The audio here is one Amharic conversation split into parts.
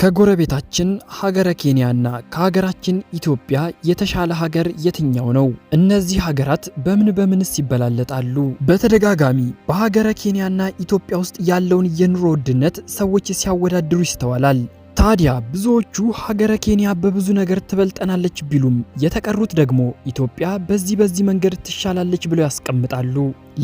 ከጎረቤታችን ሀገረ ኬንያና ከሀገራችን ኢትዮጵያ የተሻለ ሀገር የትኛው ነው? እነዚህ ሀገራት በምን በምንስ ይበላለጣሉ? በተደጋጋሚ በሀገረ ኬንያና ኢትዮጵያ ውስጥ ያለውን የኑሮ ውድነት ሰዎች ሲያወዳድሩ ይስተዋላል። ታዲያ ብዙዎቹ ሀገረ ኬንያ በብዙ ነገር ትበልጠናለች ቢሉም የተቀሩት ደግሞ ኢትዮጵያ በዚህ በዚህ መንገድ ትሻላለች ብለው ያስቀምጣሉ።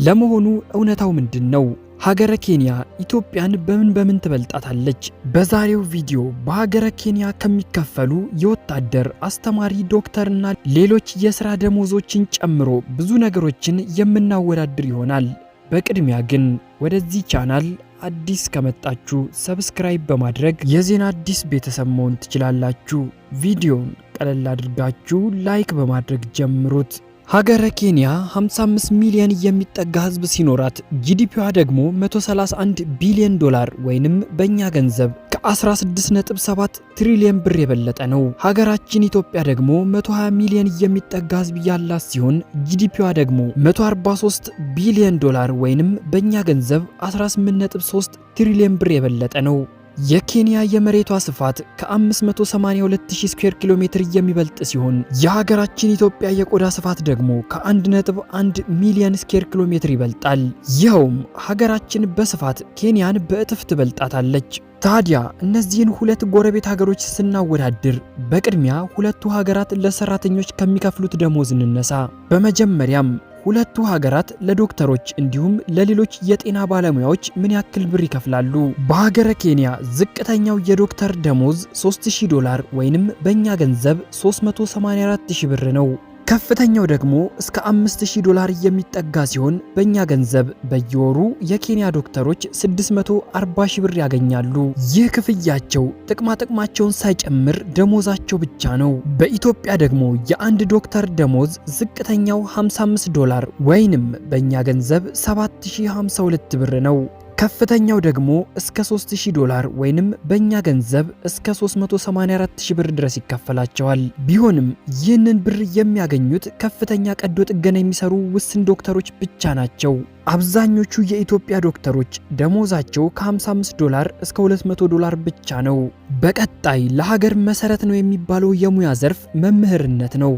ለመሆኑ እውነታው ምንድን ነው? ሀገረ ኬንያ ኢትዮጵያን በምን በምን ትበልጣታለች? በዛሬው ቪዲዮ በሀገረ ኬንያ ከሚከፈሉ የወታደር አስተማሪ፣ ዶክተርና ሌሎች የሥራ ደሞዞችን ጨምሮ ብዙ ነገሮችን የምናወዳድር ይሆናል። በቅድሚያ ግን ወደዚህ ቻናል አዲስ ከመጣችሁ ሰብስክራይብ በማድረግ የዜና አዲስ ቤተሰብ መሆን ትችላላችሁ። ቪዲዮን ቀለል አድርጋችሁ ላይክ በማድረግ ጀምሩት። ሀገረ ኬንያ 55 ሚሊዮን የሚጠጋ ህዝብ ሲኖራት ጂዲፒዋ ደግሞ 131 ቢሊዮን ዶላር ወይንም በእኛ ገንዘብ ከ16.7 ትሪሊዮን ብር የበለጠ ነው። ሀገራችን ኢትዮጵያ ደግሞ 120 ሚሊዮን የሚጠጋ ህዝብ ያላት ሲሆን ጂዲፒዋ ደግሞ 143 ቢሊዮን ዶላር ወይንም በእኛ ገንዘብ 18.3 ትሪሊዮን ብር የበለጠ ነው። የኬንያ የመሬቷ ስፋት ከ582,000 ስኩዌር ኪሎ ሜትር የሚበልጥ ሲሆን የሀገራችን ኢትዮጵያ የቆዳ ስፋት ደግሞ ከ1.1 ሚሊዮን ስኩዌር ኪሎ ሜትር ይበልጣል። ይኸውም ሀገራችን በስፋት ኬንያን በእጥፍ ትበልጣታለች። ታዲያ እነዚህን ሁለት ጎረቤት ሀገሮች ስናወዳድር በቅድሚያ ሁለቱ ሀገራት ለሰራተኞች ከሚከፍሉት ደሞዝ እንነሳ። በመጀመሪያም ሁለቱ ሀገራት ለዶክተሮች እንዲሁም ለሌሎች የጤና ባለሙያዎች ምን ያክል ብር ይከፍላሉ? በሀገረ ኬንያ ዝቅተኛው የዶክተር ደሞዝ 3000 ዶላር ወይንም በእኛ ገንዘብ 384000 ብር ነው። ከፍተኛው ደግሞ እስከ 5000 ዶላር የሚጠጋ ሲሆን በእኛ ገንዘብ በየወሩ የኬንያ ዶክተሮች 640 ሺህ ብር ያገኛሉ። ይህ ክፍያቸው ጥቅማ ጥቅማቸውን ሳይጨምር ደሞዛቸው ብቻ ነው። በኢትዮጵያ ደግሞ የአንድ ዶክተር ደሞዝ ዝቅተኛው 55 ዶላር ወይንም በእኛ ገንዘብ 7052 ብር ነው። ከፍተኛው ደግሞ እስከ 3000 ዶላር ወይንም በእኛ ገንዘብ እስከ 384000 ብር ድረስ ይከፈላቸዋል። ቢሆንም ይህንን ብር የሚያገኙት ከፍተኛ ቀዶ ጥገና የሚሰሩ ውስን ዶክተሮች ብቻ ናቸው። አብዛኞቹ የኢትዮጵያ ዶክተሮች ደሞዛቸው ከ55 ዶላር እስከ 200 ዶላር ብቻ ነው። በቀጣይ ለሀገር መሰረት ነው የሚባለው የሙያ ዘርፍ መምህርነት ነው።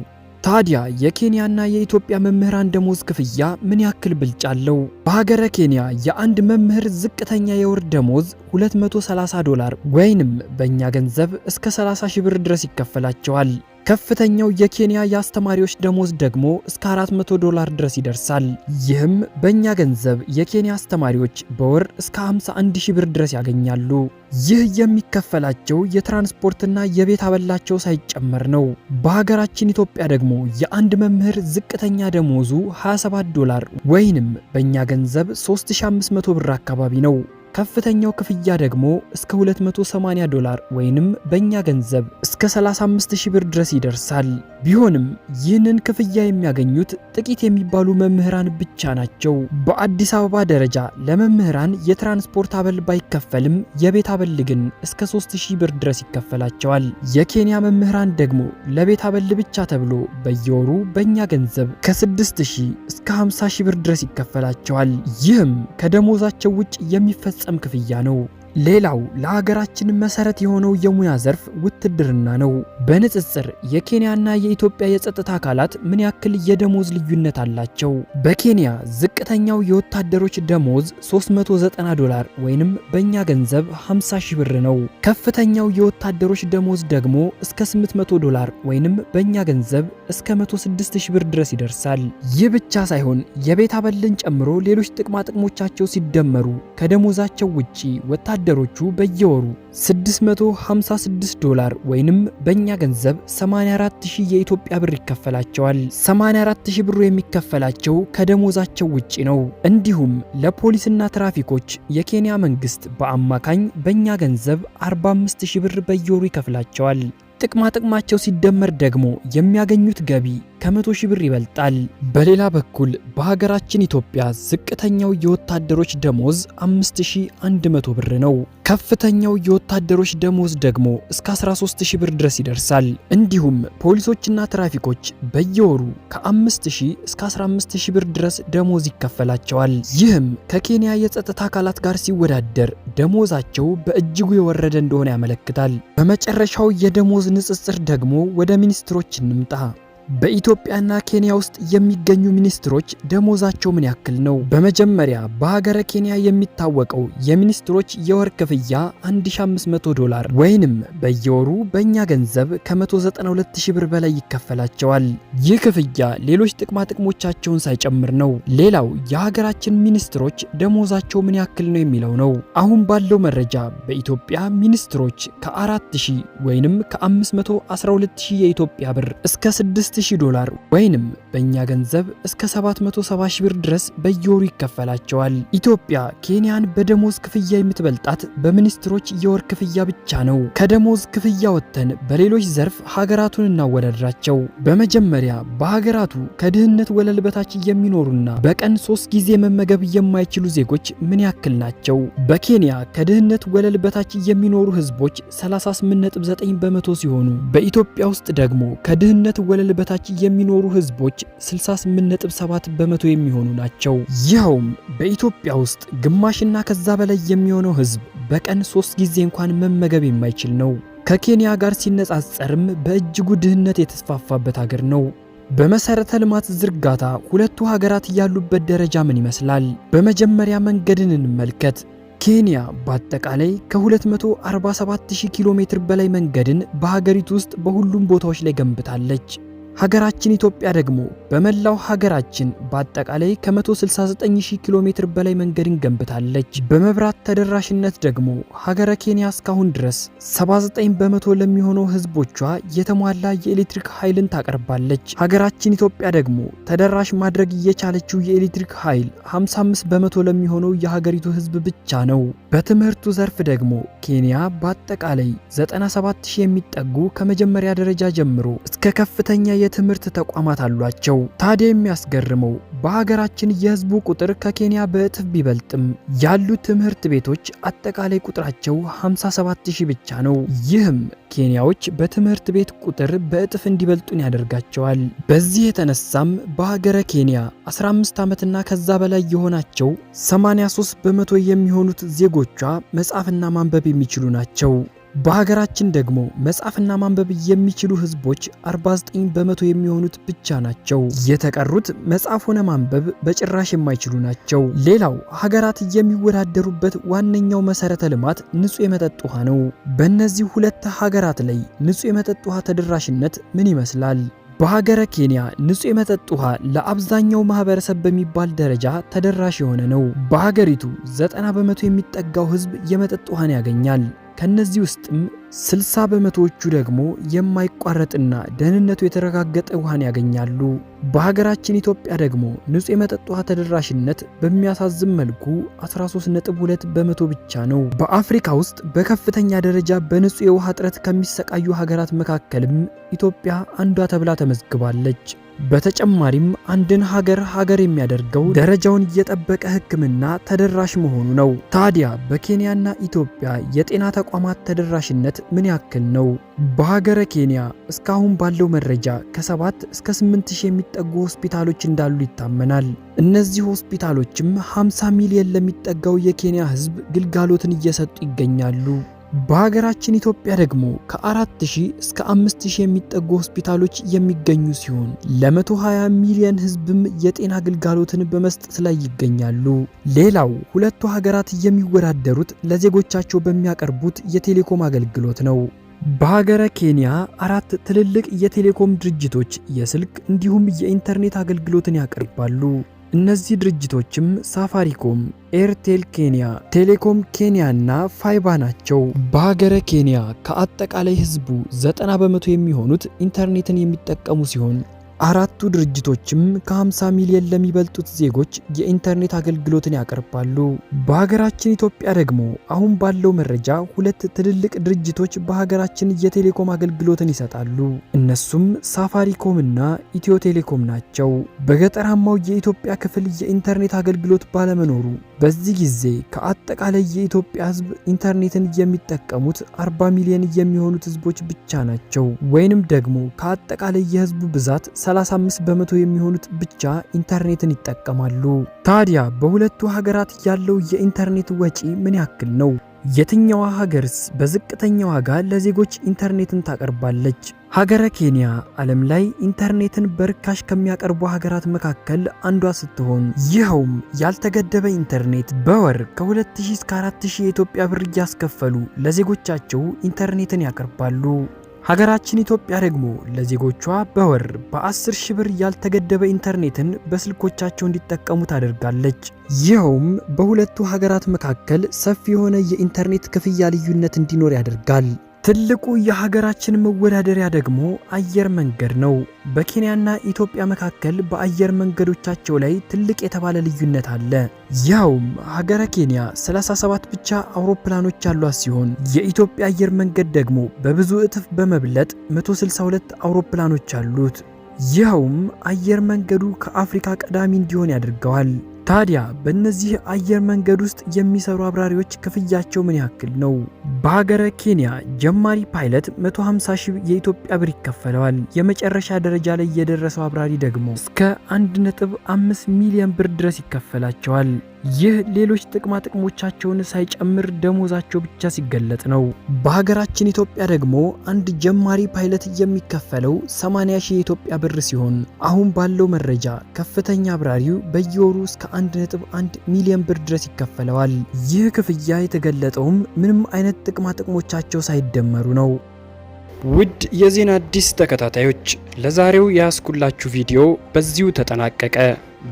ታዲያ የኬንያና የኢትዮጵያ መምህራን ደሞዝ ክፍያ ምን ያክል ብልጫ አለው? በሀገረ ኬንያ የአንድ መምህር ዝቅተኛ የወር ደሞዝ 230 ዶላር ወይንም በእኛ ገንዘብ እስከ 30 ሺህ ብር ድረስ ይከፈላቸዋል። ከፍተኛው የኬንያ የአስተማሪዎች ደሞዝ ደግሞ እስከ 400 ዶላር ድረስ ይደርሳል። ይህም በእኛ ገንዘብ የኬንያ አስተማሪዎች በወር እስከ 51 ሺህ ብር ድረስ ያገኛሉ። ይህ የሚከፈላቸው የትራንስፖርትና የቤት አበላቸው ሳይጨመር ነው። በሀገራችን ኢትዮጵያ ደግሞ የአንድ መምህር ዝቅተኛ ደሞዙ 27 ዶላር ወይንም በእኛ ገንዘብ 3500 ብር አካባቢ ነው። ከፍተኛው ክፍያ ደግሞ እስከ 280 ዶላር ወይንም በእኛ ገንዘብ እስከ 35000 ብር ድረስ ይደርሳል። ቢሆንም ይህንን ክፍያ የሚያገኙት ጥቂት የሚባሉ መምህራን ብቻ ናቸው። በአዲስ አበባ ደረጃ ለመምህራን የትራንስፖርት አበል ባይከፈልም የቤት አበል ግን እስከ 3000 ብር ድረስ ይከፈላቸዋል። የኬንያ መምህራን ደግሞ ለቤት አበል ብቻ ተብሎ በየወሩ በእኛ ገንዘብ ከ6000 እስከ 50000 ብር ድረስ ይከፈላቸዋል። ይህም ከደሞዛቸው ውጭ የሚፈጸም ክፍያ ነው። ሌላው ለሀገራችን መሰረት የሆነው የሙያ ዘርፍ ውትድርና ነው። በንጽጽር የኬንያና የኢትዮጵያ የጸጥታ አካላት ምን ያክል የደሞዝ ልዩነት አላቸው? በኬንያ ዝቅተኛው የወታደሮች ደሞዝ 390 ዶላር ወይንም በእኛ ገንዘብ 50 ሺህ ብር ነው። ከፍተኛው የወታደሮች ደሞዝ ደግሞ እስከ 800 ዶላር ወይንም በእኛ ገንዘብ እስከ 106 ሺህ ብር ድረስ ይደርሳል። ይህ ብቻ ሳይሆን የቤት አበልን ጨምሮ ሌሎች ጥቅማጥቅሞቻቸው ሲደመሩ ከደሞዛቸው ውጪ ወታደ ወታደሮቹ በየወሩ 656 ዶላር ወይንም በእኛ ገንዘብ 84000 የኢትዮጵያ ብር ይከፈላቸዋል። 84000 ብሩ የሚከፈላቸው ከደሞዛቸው ውጪ ነው። እንዲሁም ለፖሊስና ትራፊኮች የኬንያ መንግስት በአማካኝ በእኛ ገንዘብ 45000 ብር በየወሩ ይከፍላቸዋል። ጥቅማ ጥቅማቸው ሲደመር ደግሞ የሚያገኙት ገቢ ከመቶ ሺህ ብር ይበልጣል። በሌላ በኩል በሀገራችን ኢትዮጵያ ዝቅተኛው የወታደሮች ደሞዝ 5100 ብር ነው። ከፍተኛው የወታደሮች ደሞዝ ደግሞ እስከ 13000 ብር ድረስ ይደርሳል። እንዲሁም ፖሊሶችና ትራፊኮች በየወሩ ከ5000 እስከ 15000 ብር ድረስ ደሞዝ ይከፈላቸዋል። ይህም ከኬንያ የጸጥታ አካላት ጋር ሲወዳደር ደሞዛቸው በእጅጉ የወረደ እንደሆነ ያመለክታል። በመጨረሻው የደሞዝ ንጽጽር ደግሞ ወደ ሚኒስትሮች እንምጣ። በኢትዮጵያና ኬንያ ውስጥ የሚገኙ ሚኒስትሮች ደሞዛቸው ምን ያክል ነው? በመጀመሪያ በሀገረ ኬንያ የሚታወቀው የሚኒስትሮች የወር ክፍያ 1500 ዶላር ወይንም በየወሩ በእኛ ገንዘብ ከ192000 ብር በላይ ይከፈላቸዋል። ይህ ክፍያ ሌሎች ጥቅማ ጥቅሞቻቸውን ሳይጨምር ነው። ሌላው የሀገራችን ሚኒስትሮች ደሞዛቸው ምን ያክል ነው የሚለው ነው። አሁን ባለው መረጃ በኢትዮጵያ ሚኒስትሮች ከ4000 ወይንም ከ512000 የኢትዮጵያ ብር እስከ 6 5000 ዶላር ወይንም በእኛ ገንዘብ እስከ 770 ሺህ ብር ድረስ በየወሩ ይከፈላቸዋል። ኢትዮጵያ ኬንያን በደሞዝ ክፍያ የምትበልጣት በሚኒስትሮች የወር ክፍያ ብቻ ነው። ከደሞዝ ክፍያ ወጥተን በሌሎች ዘርፍ ሀገራቱን እናወዳድራቸው። በመጀመሪያ በሀገራቱ ከድህነት ወለል በታች የሚኖሩና በቀን ሶስት ጊዜ መመገብ የማይችሉ ዜጎች ምን ያክል ናቸው? በኬንያ ከድህነት ወለል በታች የሚኖሩ ህዝቦች 38.9 በመቶ ሲሆኑ በኢትዮጵያ ውስጥ ደግሞ ከድህነት ወለል በታች የሚኖሩ ህዝቦች 68.7 በመቶ የሚሆኑ ናቸው። ይኸውም በኢትዮጵያ ውስጥ ግማሽና ከዛ በላይ የሚሆነው ህዝብ በቀን ሶስት ጊዜ እንኳን መመገብ የማይችል ነው። ከኬንያ ጋር ሲነጻጸርም በእጅጉ ድህነት የተስፋፋበት ሀገር ነው። በመሰረተ ልማት ዝርጋታ ሁለቱ ሀገራት ያሉበት ደረጃ ምን ይመስላል? በመጀመሪያ መንገድን እንመልከት። ኬንያ በአጠቃላይ ከ247,000 ኪሎ ሜትር በላይ መንገድን በሀገሪቱ ውስጥ በሁሉም ቦታዎች ላይ ገንብታለች። ሀገራችን ኢትዮጵያ ደግሞ በመላው ሀገራችን በአጠቃላይ ከ169000 ኪሎ ሜትር በላይ መንገድን ገንብታለች። በመብራት ተደራሽነት ደግሞ ሀገረ ኬንያ እስካሁን ድረስ 79 በመቶ ለሚሆነው ህዝቦቿ የተሟላ የኤሌክትሪክ ኃይልን ታቀርባለች። ሀገራችን ኢትዮጵያ ደግሞ ተደራሽ ማድረግ እየቻለችው የኤሌክትሪክ ኃይል 55 በመቶ ለሚሆነው የሀገሪቱ ህዝብ ብቻ ነው። በትምህርቱ ዘርፍ ደግሞ ኬንያ በአጠቃላይ 97000 የሚጠጉ ከመጀመሪያ ደረጃ ጀምሮ እስከ ከፍተኛ የትምህርት ተቋማት አሏቸው። ታዲያ የሚያስገርመው በሀገራችን የህዝቡ ቁጥር ከኬንያ በእጥፍ ቢበልጥም ያሉት ትምህርት ቤቶች አጠቃላይ ቁጥራቸው 57000 ብቻ ነው። ይህም ኬንያዎች በትምህርት ቤት ቁጥር በእጥፍ እንዲበልጡን ያደርጋቸዋል። በዚህ የተነሳም በሀገረ ኬንያ 15 ዓመትና ከዛ በላይ የሆናቸው 83 በመቶ የሚሆኑት ዜጎቿ መጻፍና ማንበብ የሚችሉ ናቸው። በሀገራችን ደግሞ መጻፍና ማንበብ የሚችሉ ህዝቦች 49 በመቶ የሚሆኑት ብቻ ናቸው። የተቀሩት መጻፍ ሆነ ማንበብ በጭራሽ የማይችሉ ናቸው። ሌላው ሀገራት የሚወዳደሩበት ዋነኛው መሰረተ ልማት ንጹህ የመጠጥ ውሃ ነው። በእነዚህ ሁለት ሀገራት ላይ ንጹህ የመጠጥ ውሃ ተደራሽነት ምን ይመስላል? በሀገረ ኬንያ ንጹህ የመጠጥ ውሃ ለአብዛኛው ማህበረሰብ በሚባል ደረጃ ተደራሽ የሆነ ነው። በሀገሪቱ 90 በመቶ የሚጠጋው ህዝብ የመጠጥ ውሃን ያገኛል። ከነዚህ ውስጥም 60 በመቶዎቹ ደግሞ የማይቋረጥና ደህንነቱ የተረጋገጠ ውሃን ያገኛሉ። በሀገራችን ኢትዮጵያ ደግሞ ንጹህ የመጠጥ ውሃ ተደራሽነት በሚያሳዝን መልኩ 13.2 በመቶ ብቻ ነው። በአፍሪካ ውስጥ በከፍተኛ ደረጃ በንጹህ የውሃ እጥረት ከሚሰቃዩ ሀገራት መካከልም ኢትዮጵያ አንዷ ተብላ ተመዝግባለች። በተጨማሪም አንድን ሀገር ሀገር የሚያደርገው ደረጃውን እየጠበቀ ሕክምና ተደራሽ መሆኑ ነው። ታዲያ በኬንያና ኢትዮጵያ የጤና ተቋማት ተደራሽነት ምን ያክል ነው? በሀገረ ኬንያ እስካሁን ባለው መረጃ ከ7 እስከ 8 ሺህ የሚጠጉ ሆስፒታሎች እንዳሉ ይታመናል። እነዚህ ሆስፒታሎችም 50 ሚሊዮን ለሚጠጋው የኬንያ ሕዝብ ግልጋሎትን እየሰጡ ይገኛሉ። በሀገራችን ኢትዮጵያ ደግሞ ከ4000 እስከ 5000 የሚጠጉ ሆስፒታሎች የሚገኙ ሲሆን ለ120 ሚሊዮን ህዝብም የጤና አገልግሎትን በመስጠት ላይ ይገኛሉ። ሌላው ሁለቱ ሀገራት የሚወዳደሩት ለዜጎቻቸው በሚያቀርቡት የቴሌኮም አገልግሎት ነው። በሀገረ ኬንያ አራት ትልልቅ የቴሌኮም ድርጅቶች የስልክ እንዲሁም የኢንተርኔት አገልግሎትን ያቀርባሉ። እነዚህ ድርጅቶችም ሳፋሪኮም፣ ኤርቴል ኬንያ፣ ቴሌኮም ኬንያ እና ፋይባ ናቸው። በሀገረ ኬንያ ከአጠቃላይ ህዝቡ 90 በመቶ የሚሆኑት ኢንተርኔትን የሚጠቀሙ ሲሆን አራቱ ድርጅቶችም ከ50 ሚሊዮን ለሚበልጡት ዜጎች የኢንተርኔት አገልግሎትን ያቀርባሉ። በሀገራችን ኢትዮጵያ ደግሞ አሁን ባለው መረጃ ሁለት ትልልቅ ድርጅቶች በሀገራችን የቴሌኮም አገልግሎትን ይሰጣሉ። እነሱም ሳፋሪኮም እና ኢትዮ ቴሌኮም ናቸው። በገጠራማው የኢትዮጵያ ክፍል የኢንተርኔት አገልግሎት ባለመኖሩ በዚህ ጊዜ ከአጠቃላይ የኢትዮጵያ ህዝብ ኢንተርኔትን የሚጠቀሙት 40 ሚሊዮን የሚሆኑት ህዝቦች ብቻ ናቸው። ወይንም ደግሞ ከአጠቃላይ የህዝቡ ብዛት 35 በመቶ የሚሆኑት ብቻ ኢንተርኔትን ይጠቀማሉ። ታዲያ በሁለቱ ሀገራት ያለው የኢንተርኔት ወጪ ምን ያክል ነው? የትኛዋ ሀገርስ በዝቅተኛ ዋጋ ለዜጎች ኢንተርኔትን ታቀርባለች? ሀገረ ኬንያ ዓለም ላይ ኢንተርኔትን በርካሽ ከሚያቀርቡ ሀገራት መካከል አንዷ ስትሆን ይኸውም ያልተገደበ ኢንተርኔት በወር ከ2000 እስከ 4000 የኢትዮጵያ ብር እያስከፈሉ ለዜጎቻቸው ኢንተርኔትን ያቀርባሉ። ሀገራችን ኢትዮጵያ ደግሞ ለዜጎቿ በወር በ10 ሺህ ብር ያልተገደበ ኢንተርኔትን በስልኮቻቸው እንዲጠቀሙ ታደርጋለች። ይኸውም በሁለቱ ሀገራት መካከል ሰፊ የሆነ የኢንተርኔት ክፍያ ልዩነት እንዲኖር ያደርጋል። ትልቁ የሀገራችን መወዳደሪያ ደግሞ አየር መንገድ ነው። በኬንያና ኢትዮጵያ መካከል በአየር መንገዶቻቸው ላይ ትልቅ የተባለ ልዩነት አለ። ያውም ሀገረ ኬንያ 37 ብቻ አውሮፕላኖች ያሏት ሲሆን የኢትዮጵያ አየር መንገድ ደግሞ በብዙ እጥፍ በመብለጥ 162 አውሮፕላኖች አሉት። ይኸውም አየር መንገዱ ከአፍሪካ ቀዳሚ እንዲሆን ያደርገዋል። ታዲያ በእነዚህ አየር መንገድ ውስጥ የሚሰሩ አብራሪዎች ክፍያቸው ምን ያክል ነው? በሀገረ ኬንያ ጀማሪ ፓይለት 150 ሺህ የኢትዮጵያ ብር ይከፈለዋል። የመጨረሻ ደረጃ ላይ የደረሰው አብራሪ ደግሞ እስከ 1.5 ሚሊዮን ብር ድረስ ይከፈላቸዋል። ይህ ሌሎች ጥቅማ ጥቅሞቻቸውን ሳይጨምር ደሞዛቸው ብቻ ሲገለጥ ነው። በሀገራችን ኢትዮጵያ ደግሞ አንድ ጀማሪ ፓይለት የሚከፈለው 80 ሺህ የኢትዮጵያ ብር ሲሆን አሁን ባለው መረጃ ከፍተኛ አብራሪው በየወሩ እስከ 1.1 ሚሊዮን ብር ድረስ ይከፈለዋል። ይህ ክፍያ የተገለጠውም ምንም አይነት ጥቅማ ጥቅሞቻቸው ሳይደመሩ ነው። ውድ የዜና አዲስ ተከታታዮች ለዛሬው ያስኩላችሁ ቪዲዮ በዚሁ ተጠናቀቀ።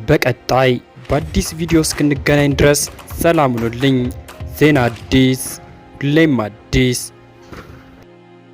በቀጣይ በአዲስ ቪዲዮ እስክንገናኝ ድረስ ሰላም ሁኑልኝ። ዜና አዲስ ሁሌም አዲስ